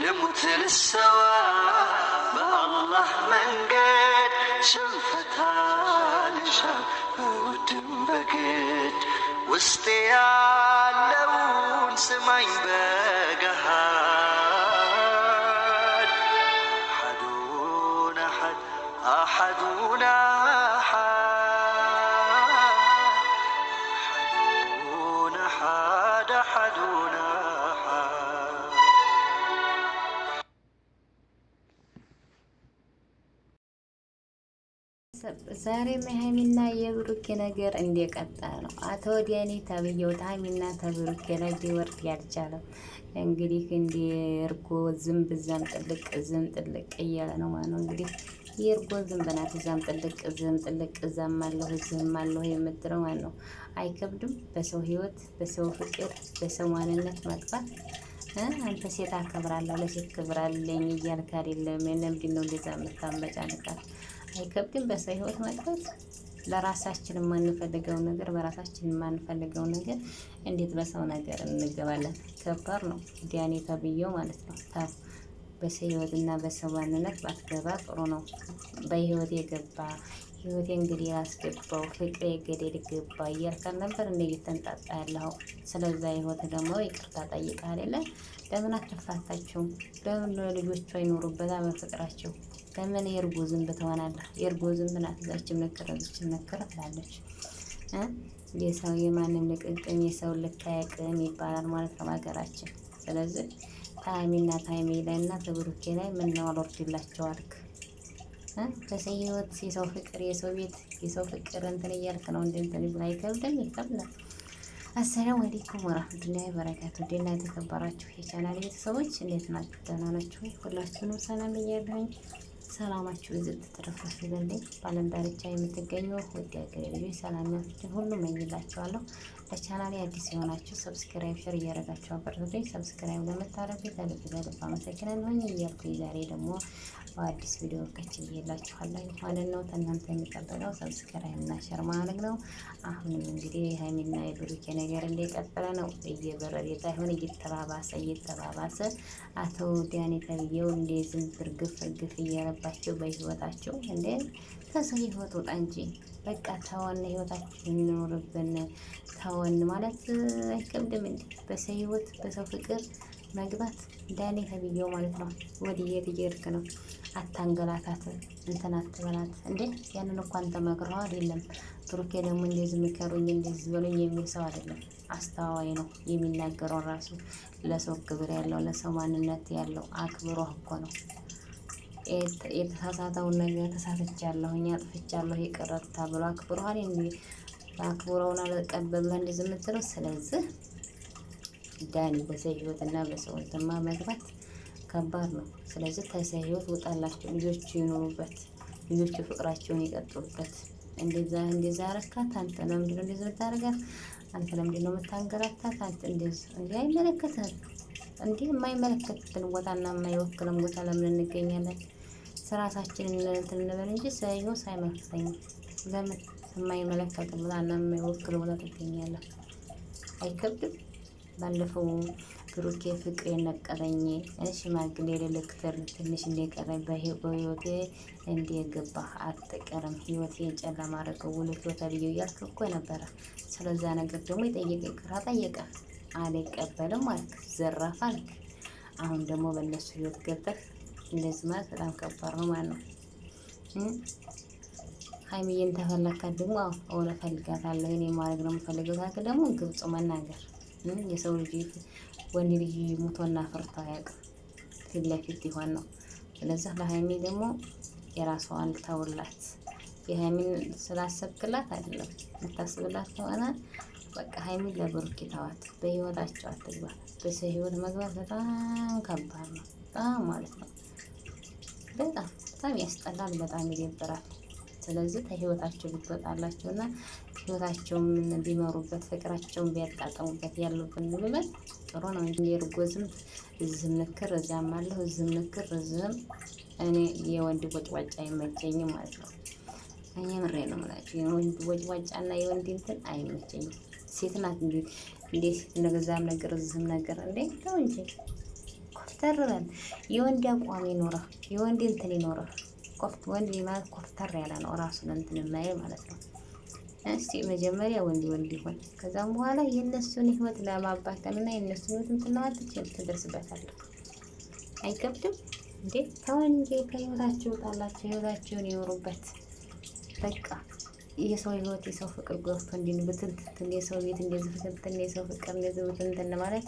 لمت للسواء ما الله من قد شفتها لشاف وتنبكت وسطي ያለውን ስማኝ በገሃድ አሐዱን አሐድ አሐዱን አሐድ حدونا አሐድ አሐዱን ዛሬም የሀይሚና የብሩኬ ነገር እንደቀጠለ ነው። አቶ ዲያኒ ተብዬው ሀይሚና ተብሩኬ ላይ ሊወርድ ያልቻለም እንግዲህ እንደ እርጎ ዝንብ እዛም ጥልቅ ዝም ጥልቅ እያለ ነው ማለት ነው። እንግዲህ የእርጎ ዝንብ ናት። እዛም ጥልቅ ዝም ጥልቅ እዛም አለሁ ዝም አለሁ የምትለው ማለት ነው። አይከብድም? በሰው ህይወት፣ በሰው ፍቅር፣ በሰው ማንነት መጥፋት አንተ ሴት አከብራለሁ ለሴት ክብራለኝ እያልክ አይደለም። ለምንድን ነው እንደዛ የምታመጫንቃት? አይከብድም። በሰው ህይወት መጥፋት ለራሳችን የማንፈልገው ነገር በራሳችን የማንፈልገው ነገር እንዴት በሰው ነገር እንገባለን? ከባድ ነው። ዲያኔ ተብዬው ማለት ነው። በሰው ህይወት እና በሰው ማንነት ባትገባ ጥሩ ነው። በህይወት የገባ ህይወቴ እንግዲህ ያስገባው ፍቅር የገደል ገባ እያልካል ነበር እንደ እየተንጣጣ ያለው። ስለዛ ህይወት ደግሞ ይቅርታ ጠይቃ አይደለ? ለምን አትፋታችሁም? ለምን ልጆቹ አይኖሩበት በፍቅራቸው ለምን የእርጎ ዝንብ ትሆናለህ? የእርጎ ዝንብ ናት። እዛችም ነክረ እዛችም ነክረ ትላለች። የሰው የማንም ልቅቅም የሰው ልታያቅም ይባላል ማለት ነው በሀገራችን። ስለዚህ ታሚና ታሚ ላይ እና ተብሩኬ ላይ ምን ነው አልወርድላቸው አልክ? በሰው ህይወት የሰው ፍቅር የሰው ቤት የሰው ፍቅር እንትን እያልክ ነው እንደ እንትን ላይ ከብደም ይከብዳል። አሰላሙ አለይኩም ወራህመቱላሂ ወበረካቱ። ደህና የተከበራችሁ የቻናል ቤተሰቦች እንዴት ናችሁ? ደህና ናችሁ? ሁላችሁንም ሰላም እያለሁኝ ሰላማችሁ ዝት ትረፍረፍ ይበልኝ። በዓለም ዳርቻ የምትገኙ ውድ ሀገሬ ልጆች ሰላም ያፍችን ሁሉ መኝላችኋለሁ። ለቻናሌ አዲስ የሆናችሁ ሰብስክራይብ፣ ሸር እያደረጋችሁ አበረታቱኝ። ሰብስክራይብ ለምታደርጉ ከልብ ከልብ አመሰግናለሁ እያልኩኝ ዛሬ ደግሞ በአዲስ ቪዲዮ ቀች እየላችኋለሁ ማለት ነው። ከእናንተ የሚጠበቀው ሰብስክራይብ እና ሸር ማድረግ ነው። አሁንም እንግዲህ የሀይሚና የብሩኬ ነገር እንደቀጠለ ነው። እየበረደ ሳይሆን እየተባባሰ እየተባባሰ አቶ ዳኔ ተብዬው እንደ ዝም እርግፍ እርግፍ እያለባቸው በህይወታቸው እንዴ ከሰው ህይወት ውጣ እንጂ በቃ ተዋና ህይወታችን እንኖርብን ተወን ማለት አይከብድም እንዴ? በሰው ህይወት በሰው ፍቅር መግባት ዳኔ ተብዬው ማለት ነው። ወዲየት እየሄድክ ነው? አታንገላታት፣ እንትን አትበላት እንዴ። ያንን እንኳን ተመክረው አይደለም ብሩኬ ደግሞ እንደዚህ ምከሩኝ እንደዚህ በሉኝ የሚል ሰው አይደለም። አስተዋዋይ ነው የሚናገረው። ራሱ ለሰው ክብር ያለው ለሰው ማንነት ያለው አክብሮ እኮ ነው። የተሳሳተውን ነገር ተሳስቻለሁኝ፣ አጥፍቻለሁ፣ ይቅርታ ብሎ አክብሮሃል በአክብሮውን አልቀበሉ እንደዚህ የምትለው ስለዚህ ዳኒ በሰው እና በሰው እንትን መግባት ከባድ ነው። ስለዚህ ተሰው ህይወት ውጣላቸው፣ ልጆቹ ይኖሩበት፣ ልጆቹ ፍቅራቸውን ይቀጥሉበት። እንደዛ እንደዛ አረካት አንተ ለምንድነው እንደዚህ የምታረጋት? አንተ ለምንድነው የምታንገራታት? አንተ እንደዚህ እንዲህ አይመለከትህም። እንዲህ የማይመለከትን ቦታና የማይወክለን ቦታ ለምን እንገኛለን? ስራሳችንን እንትን እንበል እንጂ ሰው ሳይመክሰኝ ለምን የማይመለከት ቦታ እና የማይወክል ቦታ ትገኛለህ። አይከብድም። ባለፈው ብሩኬ ፍቅር ነቀረኝ ሽማግሌ የሌለ ትንሽ እንደቀረኝ በህይወቴ እንደገባህ አትቀርም ህይወቴ ጨለማ አደረገው ውሎ ህይወት እያልክ እኮ ነበረ። ስለዛ ነገር ደግሞ የጠየቀ ይቅራ ጠየቀ አልቀበልም አልክ፣ ዘራፍ አልክ። አሁን ደግሞ በእነሱ ህይወት ገብተህ እንደዚህ ማለት በጣም ከባድ ነው ማለት ነው። ሀይሚዬን ተፈለካት ደግሞ አሁን እፈልጋታለሁ እኔ ማድረግ ነው የምፈልገው ካልክ ደግሞ ግብጽ መናገር የሰው ልጅ ወንድ ልጅ ሙቶና ፍርቶ ያቅ ፊት ለፊት ይሆን ነው። ስለዚህ ለሀይሚ ደግሞ የራስዋን ተውላት። የሀይሚን ስላሰብክላት አይደለም የምታስብላት ከሆነ በቃ ሀይሚን ለብሩክ ተዋት። በህይወታቸው አትግባ። በሰው ህይወት መግባት በጣም ከባድ ነው። በጣም ማለት ነው። በጣም በጣም ያስጠላል። በጣም ይደብራል። ስለዚህ ከህይወታቸው ብትወጣላቸውና ህይወታቸውን ቢመሩበት ፍቅራቸውን ቢያጣጥሙበት ያሉትን ብመት ጥሩ ነው እንጂ የርጎዝም እዚህ ምክር እዚያም አለሁ እዚህ ምክር እዚህም እኔ የወንድ ወጭዋጫ አይመቸኝም ማለት ነው። እኔ ምሬ ነው የምላቸው የወንድ ቦጭቧጫና የወንድ እንትን አይመቸኝም። ሴት ናት እንዴ እንዴ እዛም ነገር እዚህም ነገር እንዴ ነው እንጂ ኮስተር በል የወንድ አቋም ይኖረህ የወንድ እንትን ይኖረህ ኮፍት ወንድ ማለት ኮፍተር ያለ ነው ራሱን እንትን የማይል ማለት ነው። እስቲ መጀመሪያ ወንድ ወንድ ይሆን ከዛም በኋላ የእነሱን ህይወት ለማባከንና የእነሱን ህይወት እንትን ለማለት ትችል ትደርስበታለህ። አይከብድም እንዴ? ከወንድ ከህይወታችሁ ጣላችሁ ህይወታችሁን ይኖሩበት በቃ የሰው ህይወት የሰው ፍቅር ገብቶ እንዲህ ብትንትን የሰው ቤት እንደዚህ ብትንትን የሰው ፍቅር እንደዚህ ብትንትን ማለት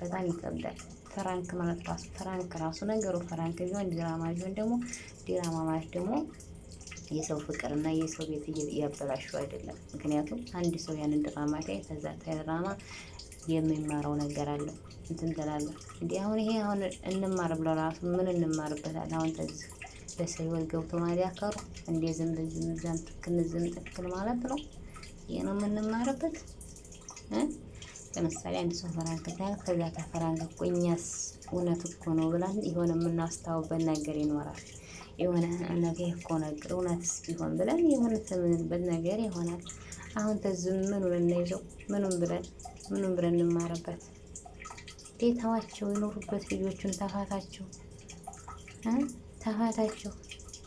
በጣም ይከብዳል። ፍራንክ ማለት ራሱ ፍራንክ ራሱ ነገሩ ፍራንክ ቢሆን ድራማ ቢሆን ደግሞ ዲራማ ማለት ደግሞ የሰው ፍቅር እና የሰው ቤት እያበላሹ አይደለም። ምክንያቱም አንድ ሰው ያንን ድራማ ላይ ከዛ ድራማ የሚማረው ነገር አለ እንትን ትላለህ እንዲህ አሁን ይሄ አሁን እንማር ብለው ራሱ ምን እንማርበታል? አሁን ተዚህ በሰው ህይወት ገብቶ ማዲያ ከሩ እንዴ ዝም ዝም ዛም ትክክል ዝም ትክን ማለት ነው። ይሄ ነው የምንማርበት። ለምሳሌ አንድ ሰው ፈራን ከተያል ከዛ ተፈራን እኮ እኛስ እውነት እኮ ነው ብላን የሆነ የምናስታውበት ነገር ይኖራል። የሆነ ነገር እኮ ነገር እውነትስ ቢሆን ብለን የሆነ ተምንበት ነገር ይሆናል። አሁን ተዝም ምኑን እናይዘው ምኑን ብለን ምኑን ብለን እንማርበት። ጌታዋቸው የኖሩበት ልጆቹን ተፋታቸው ተፋታቸው።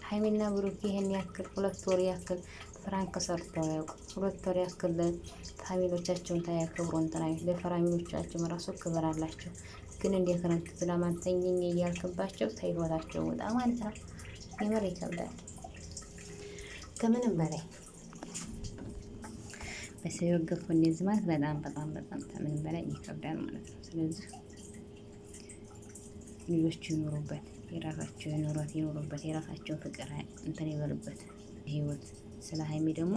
ሀይሜና ብሩክ ይህን ያክል ሁለት ወር ያክል ፍራንክ ሰርተው ያውቁ ሁለት ወር ያክል ለፋሚሎቻቸውን ታያከብሩ እንትናዩ ለፋሚሎቻቸው ራሱ ክብር አላቸው። ግን እንደ ክረምት ስለማንተኝኝ እያልክባቸው ተይወታቸው ውጣ ማለት ነው። የምር ይከብዳል። ከምንም በላይ በሰው የወገፉ እንደዚህ ማለት በጣም በጣም በጣም ከምንም በላይ ይከብዳል ማለት ነው። ስለዚህ ልጆቹ ይኖሩበት፣ የራሳቸው ኑሮት ይኖሩበት፣ የራሳቸው ፍቅር እንትን ይበሉበት ህይወት። ስለ ሀይሚ ደግሞ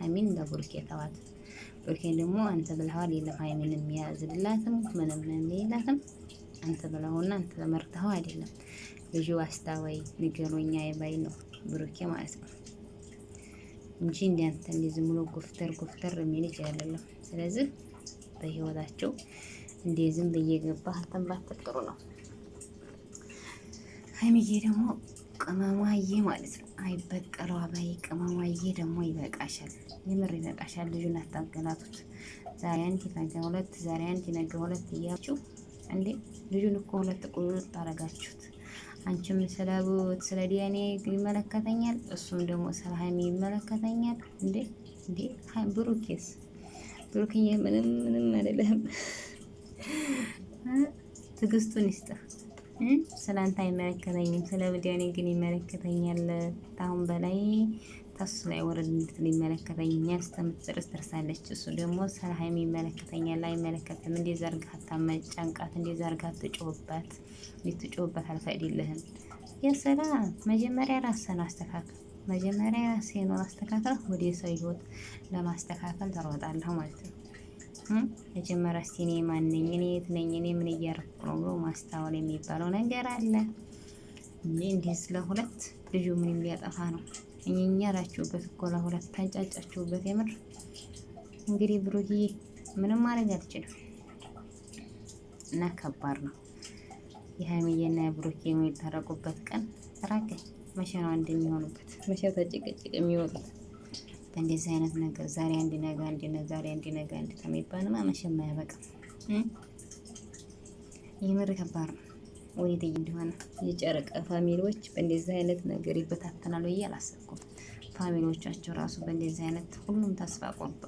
ሀይሚን ለቡርኬ ተዋት። ቡርኬ ደግሞ አንተ ብለኸዋል፣ የለም ሀይሚን የሚያዝላትም ምንም ሌላትም አንተ ብለኸውና አንተ መርተኸው አይደለም ልጁ አስታዋይ ንገሮኛ የባይ ነው ብሩኬ ማለት ነው እንጂ እንዲያንተ ዝም ብሎ ጎፍተር ጎፍተር የሚል ልጅ አይደለም። ስለዚህ በህይወታቸው ዝም በየገባ አንተም ባትጥሩ ነው። ሀይሚዬ ደግሞ ቅመሟዬ ማለት ነው። አይ በቀለው አባይ ቅመሟዬ ደግሞ ይበቃሻል፣ የምር ይበቃሻል። ልጁን አታገላቱት። ዛሬ አንድ ነገ ሁለት፣ ዛሬ አንድ ነገ ሁለት እያችሁ እንዴ! ልጁን እኮ ሁለት ቁርጥ አረጋችሁት። አንቺም ስለ ቡት ስለ ዲያኔ ይመለከተኛል፣ እሱም ደግሞ ስለ ሀይሚ ይመለከተኛል። እንዴ እንዴ ብሩኬስ ብሩክዬ ምንም ምንም አይደለም። ትግስቱን ይስጥህ። ስለ አንተ አይመለከተኝም፣ ስለ ዲያኔ ግን ይመለከተኛል። ታሁን በላይ እሱ ላይ ወረድ እንድትል ይመለከተኛል እስከምትጨርስ ደርሳለች። እሱ ደግሞ ስለ ሀይሚ ይመለከተኛል አይመለከትም። እንዴት ዘርጋ አታመጫንቃት፣ እንዴት ዘርጋ ትጮህባት፣ እንዴት ትጮህባት አልፈቅድልህም። የሰላም መጀመሪያ ራስን አስተካክል። መጀመሪያ ራስህን አስተካክል፣ ወደ ሰው ህይወት ለማስተካከል ተሮጣለሁ ማለት ነው። መጀመሪያ እስቲ እኔ ማን ነኝ፣ እኔ የት ነኝ፣ እኔ ምን እያረኩ ነው ብሎ ማስታወል የሚባለው ነገር አለ እንጂ እንዲህ ስለሁለት ልጁ ምን ሊያጠፋ ነው እኛራችሁበት ላችሁበት እኮ ለሁለት ታንጫጫችሁበት። የምር እንግዲህ ብሩኪ ምንም ማድረግ አትችልም እና ከባድ ነው። የሀይሚዬና የብሩኪ የሚታረቁበት ቀን ራቀ። መቼ ነው አንድ የሚሆኑበት? መቼ ተጭቅጭቅ የሚወጡት? በእንደዚህ አይነት ነገር ዛሬ አንድ ነገ አንድ ነገ ዛሬ አንድ ነገ አንድ ከሚባልማ መቼም አያበቃም። የምር ከባድ ነው። ወዴትዬ እንደሆነ የጨረቀ ፋሚሊዎች በእንደዚህ አይነት ነገር ይበታተናሉ ብዬ አላሰብኩም። ፋሚሊዎቻቸው ራሱ በእንደዚህ አይነት ሁሉም ተስፋ ቆርጦ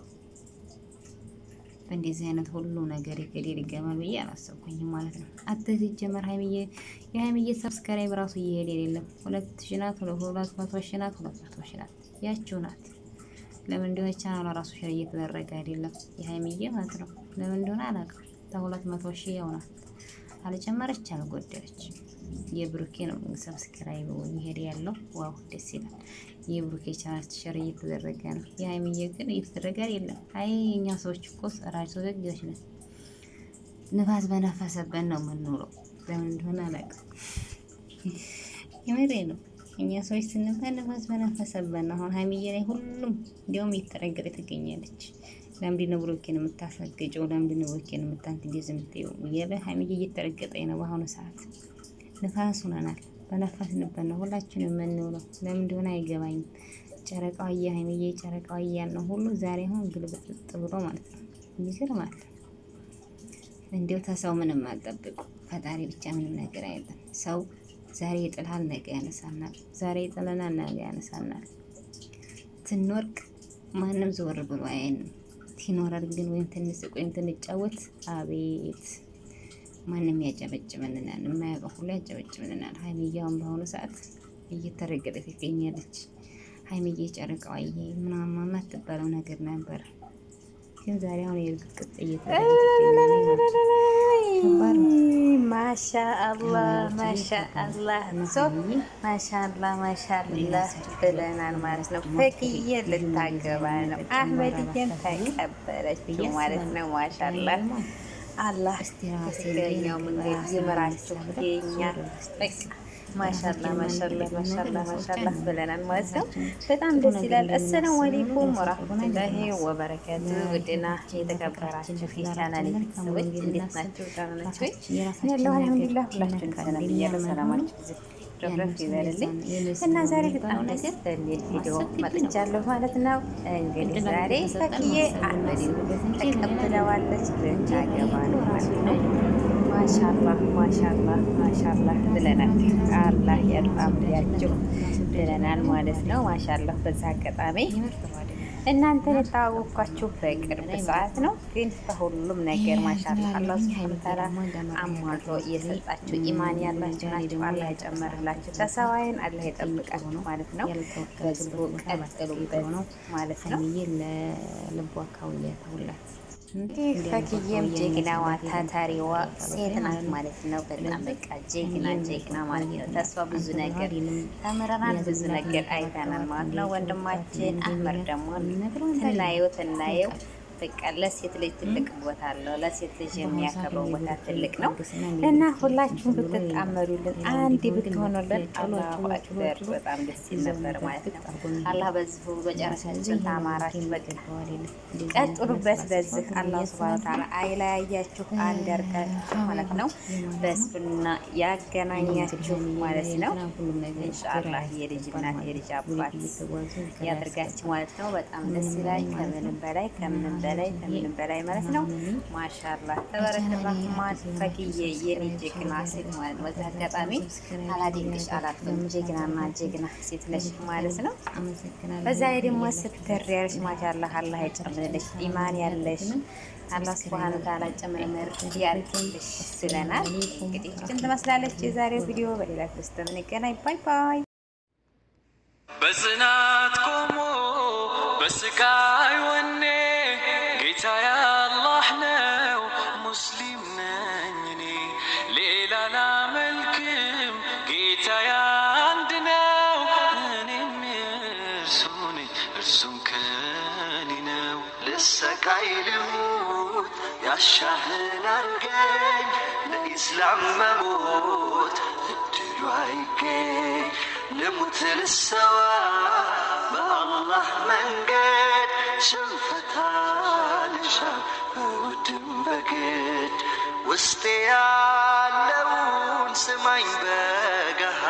በእንደዚህ አይነት ሁሉ ነገር ይገደል ይገመል ብዬ አላሰብኩኝም ማለት ነው። አትዚ ጀመር ሀይሚዬ የሀይሚዬ ሰብስክራይብ ራሱ እየሄደ የሌለም ሁለት ሺህ ናት፣ ሁለት መቶ ሺህ ናት፣ ሁለት መቶ ሺህ ናት። ያችው ናት። ለምን እንደሆነ ቻናሏ ራሱ ሼር እየተደረገ አይደለም የሀይሚዬ ማለት ነው። ለምን እንደሆነ አላውቅም። ተሁለት መቶ ሺህ ያው ናት አልጨመረች አልጎደለች። የብሩኬ ነው ሰብስክራይብ ይሄድ ያለው ዋው ደስ ይላል። የብሩኬ ቻናል ሸር እየተደረገ ነው። የሀይሚዬ ግን እየተደረገ የለም። አይ እኛ ሰዎች እኮ ራሱ ዘግጆች ነን። ንፋስ በነፈሰበት ነው የምንውለው። ለምን እንደሆነ አላውቅም። የምሬ ነው። እኛ ሰዎች ስንባል ንፋስ በነፈሰበት ነው። አሁን ሀይሚዬ ላይ ሁሉም እንዲሁም እየተረገጠ ትገኛለች። ለምንድን ነው ብሎኬን የምታፈገጨው? ለምንድን ነው ብሎኬን የምታንት ጊዜ የምትየው? የበሀሚዬ እየተረገጠኝ ነው። በአሁኑ ሰዓት ንፋስ ሆነናል። በነፋስ ነበር ነው ሁላችን የምንውለው። ለምን እንደሆነ አይገባኝም። ጨረቃው የሀይሚዬ ጨረቃው እያል ነው ሁሉ ዛሬ አሁን ግልብጥ ብሎ ማለት ነው። ይገርማል። እንዲሁ ተሰው ምንም አልጠብቁ። ፈጣሪ ብቻ ምንም ነገር አይለም። ሰው ዛሬ ይጥላል፣ ነገ ያነሳናል። ዛሬ ይጥለናል፣ ነገ ያነሳናል። ትንወርቅ ማንም ዘወር ብሎ አያየንም። ወቅት ይኖራል ግን ወይም ትንስቅ ወይም ትንጫወት፣ አቤት ማንም ያጨበጭብልናል። የማያውቀው ሁሉ ያጨበጭብልናል። ሀይሚያውን በአሁኑ ሰዓት እየተረገጠች ትገኛለች። ሀይሚዬ ጨርቀዋዬ ምናምን አትባለው ነገር ነበር። ግን ዛሬ አሁን የእርግጥ ቅጥ ማሻአላህ ማሻአላህ ማሻአላህ ማሻአላህ ብለናል ማለት ነው። ፈክዬ ልታገባ ነው። አህመድዬን ተቀበለችው ማለት ነው። ማሻአላህ አላህ ትክክለኛው መንገድ ይምራችሁ የኛ ማሻላ ማሻላ ማሻላ ማሻላ ብለናል ማለት ነው። በጣም ደስ ይላል። አሰላሙ አለይኩም ወራህመቱላሂ ወበረካቱ። ውድና የተከበራችሁ የቻናል ሰዎች እንዴት ደህና ያለው ሁላችሁን ሰላማችሁ ረፍረፍ ይበልልኝ እና ዛሬ በጣም ቪዲዮ መጥቻለሁ ማለት ነው። እንግዲህ ዛሬ ፈክዬ ተቀብለዋለች። ነው ማለት ነው ማሻላህ ማሻላህ ማሻላህ ብለናል። አላህ ያድፋላችሁ ብለናል ማለት ነው። ማሻላህ በዛ አጋጣሚ እናንተን የተዋወቅኳችሁ በቅርብ ሰዓት ነው፣ ግን በሁሉም ነገር ማሻላህ አላህ ሱብሓነሁ ወተዓላ አሟልቶ እየሰጣችሁ ኢማን ያላችሁ ናችሁ። አላህ የጨመረላችሁ ተሰዋይን አላህ የጠብቃችሁ ማለት ነው። በዝቡ ቀጥሉበት ማለት ነው። እንግዲህ ፈክዬም ጀግናዋ ታታሪዋ ሴት ናት ማለት ነው። በጣም በቃ ጀግና ጀግና ማለት ነው። ተስፋ ብዙ ነገር ተምረናል፣ ብዙ ነገር አይተናል ማለት ነው። ወንድማችን አህመድ ደግሞ ትናየው ትናየው በቃ ለሴት ልጅ ትልቅ ቦታ አለው። ለሴት ልጅ የሚያከብረው ቦታ ትልቅ ነው እና ሁላችሁም ብትጣመሩልን፣ አንድ ብትሆኑልን አላሁ አክበር በጣም ደስ ይል ነበር ማለት ነው። አላህ በዚሁ በጨረሳችን ታማራችሁ በቃ ቀጥሉበት በዚህ አላህ ስብሃነ ወተዓላ አይለያያችሁ፣ አንድ አድርገን ማለት ነው በሱና ያገናኛችሁ ማለት ነው። ኢንሻአላህ የልጅ እናት የልጅ አባት ያደርጋችሁ ማለት ነው። በጣም ደስ ይላል ከምንም በላይ ከምንም በላይ በላይ ከምንም በላይ ማለት ነው። ማሻላ ተበረከላ ማፈቅዬ የኔ ጀግና ሴት ማለት ነው። በዚህ አጋጣሚ አላደንቅሽ አላልኩም። ጀግናና ጀግና ሴት ነሽ ማለት ነው። በዛ ላይ ደግሞ ስትር ያለሽ ማሻላ አላህ ይጨምርልሽ፣ ኢማን ያለሽ አላህ ስብሃነ ወተዓላ ጨምርምር ያርግልሽ ስለናል። እንግዲህ ችን ትመስላለች የዛሬው ቪዲዮ። በሌላ ክርስት የምንገናኝ ባይ ባይ። ሰቃይ ልሙት ያሻህን አርገኝ ለኢስላም መሞት እድሉ አይገኝ ልሙት ልሰዋ በአላህ መንገድ ሽንፈታ ልሻ ውድም በግድ ውስጤ ያለውን ስማኝ በገሃ